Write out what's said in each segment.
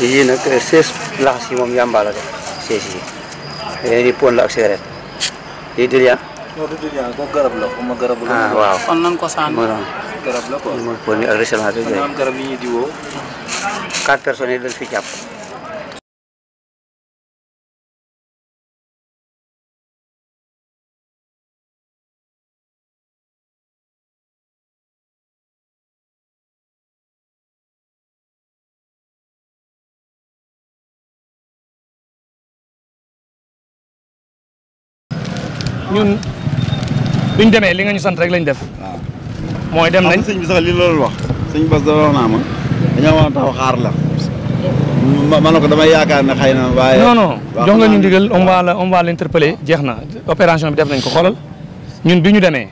yii nag 16 eh, laxas yi moom yàmbaa la def 16 yi yeneen yi pon la ak cigarette lii dirian ah? non du dirian ah, boobu garab la ma garab la ah waaw kon nan ko sànni moo doon garab la quoi mooy pon yi ak restaurant bi garab yi ñuy diwoo quatre personnes yi dañ fi jàpp ñun biñ demee li nga ñu sant rek lañ def. Ah. mooy dem nañ sëñ bi sax li loolu wax sëñ Bas da wax naa ma dañoo war a xaar la. ma ma ne ko damay yaakaar ne xëy na waaye. non non jox nga ñu ndigal on va la on va l'interpeller jeex na opération bi def nañ ko xoolal ñun bi ñu demee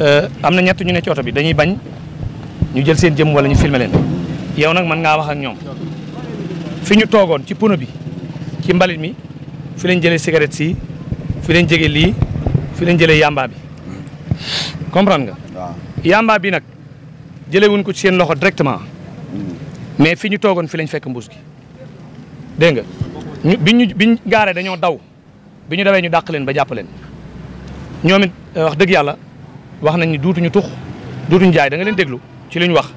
euh, am na ñett ñu ne ci oto bi dañuy bañ ñu jël seen jëm wala ñu filmer leen yow nag mën ngaa wax ak ñoom fi ñu toogoon ci pono bi ci mbalit mi fi lañ jëlee cigarette si fi lañ jege lii fi lañ jëlee yamba bi comprendre nga. yamba bi nag jële wuñ ko ci seen loxo directement hmm. mais fi ñu toogoon fi lañ fekk mbuus gi dégg nga ñu biñ ñu dañoo daw bi ñu dawee ñu dàq leen ba jàpp leen ñoom it euh, wax dëgg yàlla wax nañ ni duutuñu tux duutuñu jaay danga nga leen déglu ci li wax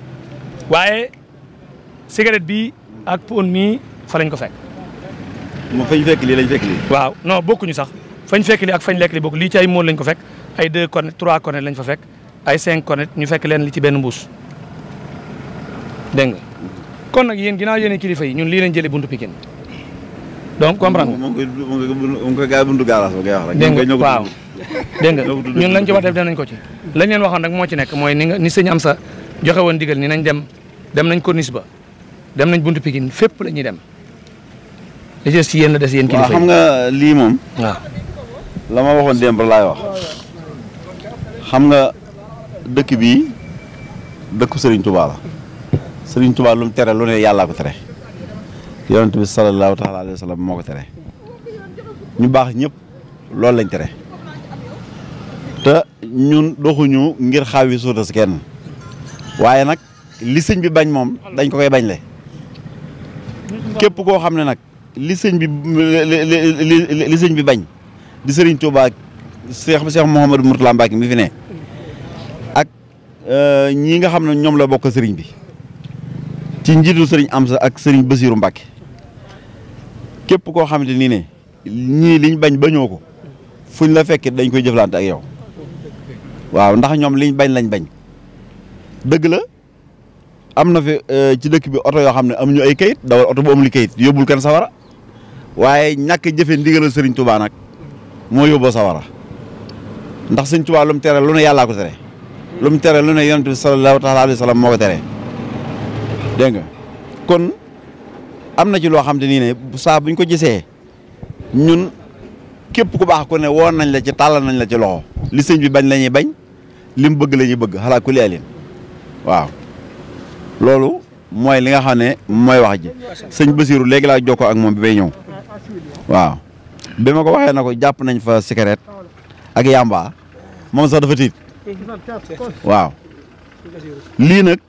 waaye cigarette bi ak pon mii fa lañ ko fekk. moom fa ñu fekk lii lañ fekk lii. waaw non bokkuñu sax. fañ fekk li ak fañ lekk li ci ay mool lañ ko fekk ay deux cornet trois cornet lañ fa fekk ay cinq cornet ñu fekk leen li ci benn mbuus dégg nga kon nag yéen ginnaaw yéen kilifa yi ñun lii lañ jëlee buntu Pikine donc comprendre nga. moom koy gaa buntu gaaraas ba ngay wax rek. dégg nga waaw dégg nga ñun lañ ci wax def nañ ko ci. lañ leen waxoon nag moo ci nekk mooy ni nga ni sëñ am sa joxe woon digal ni nañ dem dem nañ corniche ba dem nañ buntu pikin fépp la ñuy dem. li ci ci yéen la des yéen kilifa xam nga lii moom. la ma waxoon démb laay wax xam nga dëkk bii dëkku Serigne Touba sëriñ Serigne Touba lu mu tere lu ne yàllaa ko tere yonent bi sallallahu taala alayhi wa sallam moo ko tere ñu baax ñépp loolu lañ tere te ñun doxuñu ngir xaaw yi suuta si kenn waaye nag li sëñ bi bañ moom dañ ko koy bañ le képp koo xam ne nag li sëñ bi li li li sëñ bi bañ di sëriñ Touba Cheikh Cheikh Mouhamadou Mourtala Mbacke mi fi ne ak euh, ñii nga xam ne ñoom la bokk sëriñ bi ci njiitu sëriñ am sa ak sëriñ Bassirou Mbacke képp koo xamante ni ne ñii liñ bañ bañoo ko fuñ la fekkee dañ koy jëflante ak yow waaw ndax ñoom liñ bañ lañ bañ dëgg la am na fi euh, ci dëkk bi oto yoo xam ne amuñu ay kayit dawal oto bu li kayit yóbbul kenn sawara waaye ñàkk jëfe ndigalal Serigne Touba nag. moo yóbboo sawara ndax sëñ Tuubaa lu mu tere lu ne yàllaa ko tere lu mu tere lu ne yonent bi sallallahu taala alayhi wa sallam moo ko tere dégg nga kon am na ci loo xam te nii ne saa buñ ko gisee ñun képp ku baax ku ne woon nañ la ci tàllal nañ la ci loxo li sëñ bi bañ la ñuy bañ lim bëgg la ñuy bëgg xalaa ku liyalin waaw loolu mooy li nga xam ne mooy wax ji sëñ Basiiru léegi laa jokkoo ak moom bi bay ñëw waaw bi ko waxee na ko jàpp nañ fa cigarette ak yamba moom sax dafa tiit waaw lii nag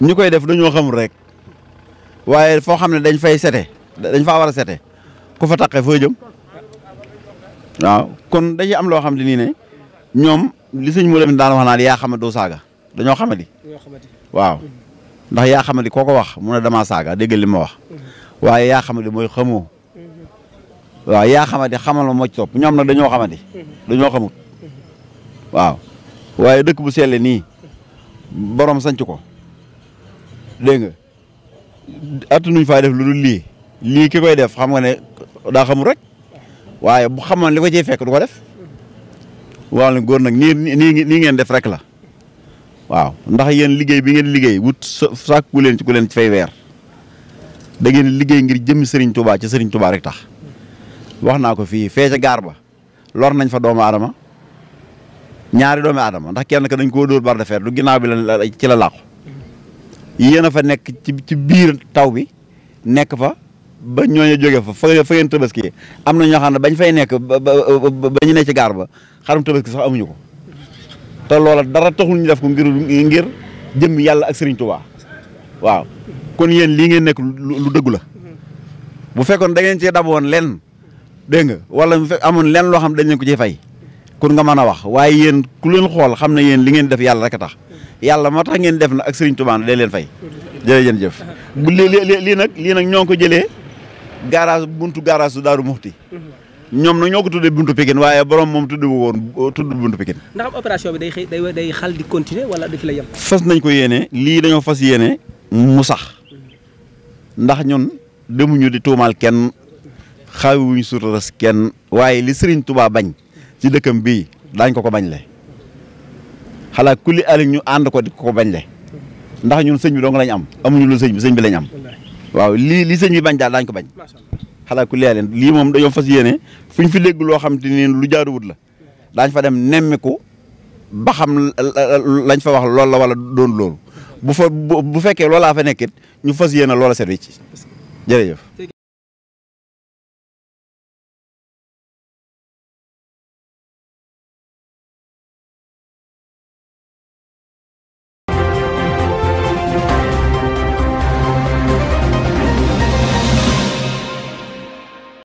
ñu koy def dañoo xam rek waaye foo xam ne dañ fay sete dañ fa war a sete ku fa taqe foo jëm waaw kon dañ am loo xam ne nii ne ñoom li suñ mu leen daan wax naan yaa xam ne doo saaga dañoo xamadi waaw ndax yaa xamadi koo ko wax mu ne damaa saaga dégg li ma wax mm-hmm. waaye yaa xamadi mooy xamo waaw yaa xamante xamal ma moo ci topp ñoom nag dañoo xamante dañoo xamut waaw waaye dëkk bu selle nii borom sanc ko dégg nga attanuñ faa def lu dul lii lii ki koy def xam nga ne daa xamul rek waaye bu xamoon li ko ciy fekk du ko def waaw ne góor nag nii nii nii ngeen def rek la waaw ndax yéen liggéey bi ngeen liggéey wut sàkku leen ci ku leen ci fay weer da liggéey ngir jëm Serigne Touba ci Serigne Touba rek tax wax naa ko fii fee ca gaar ba lor nañ fa doomu aadama ñaari doomu adama ndax kenn ka dañ koo dóor bar de fer du ginnaaw bi la ci la làqu yéen a fa nekk ci biir taw bi nekk fa ba ñooñu jóge fa fa fa ngeen tabaski am na ñoo xam fay nekk ba ba ñu ne ci gaar ba xarum tabaski sax amuñu ko te loola dara taxul ñu def ko ngir ngir jëm yàlla ak Serigne Touba waaw kon yéen lii ngeen nekk lu dëggu la bu fekkoon da ngeen cee daboon lenn dégg nga wala mu fekk amoon lenn xam dañ leen ko ci fay pour nga mën a wax waaye yéen ku leen xool xam ne yéen li ngeen def yàlla rek a tax yàlla moo tax ngeen def na ak Serigne Touba day leen fay jërëjëf jëf bu lii nag ñoo ngi ko jëlee garage buntu garage su Daaru Muxti ñoom na ñoo ko tuddee buntu Pikine waaye borom moom tudd woon tudd buntu Pikine. bi day xëy day day xal di continuer wala daf lay yem. fas nañ ko yéene lii dañoo fas yéene mu sax ndax ñun demuñu di tuumaal kenn xaawi wuñ suturas kenn waaye li Serigne tubaa bañ ci dëkkam bii daañ ko ko bañ le xalaa kulli ali ñu ànd ko di ko bañ le ndax ñun sëñ bi dong lañ am amuñu lu sëñ bi sëñ bi lañ am waaw lii li sëñ bi bañ daal daañ ko bañ xalaa kulli ali lii moom dañoo fas yéene fuñ fi dégg loo xam te ni lu jaar wut la daañ fa dem nemmiku ba xam lañ fa wax lool la wala doon loolu bu fa bu fekkee loolaa fa nekkit ñu fas yéene loola service jërëjëf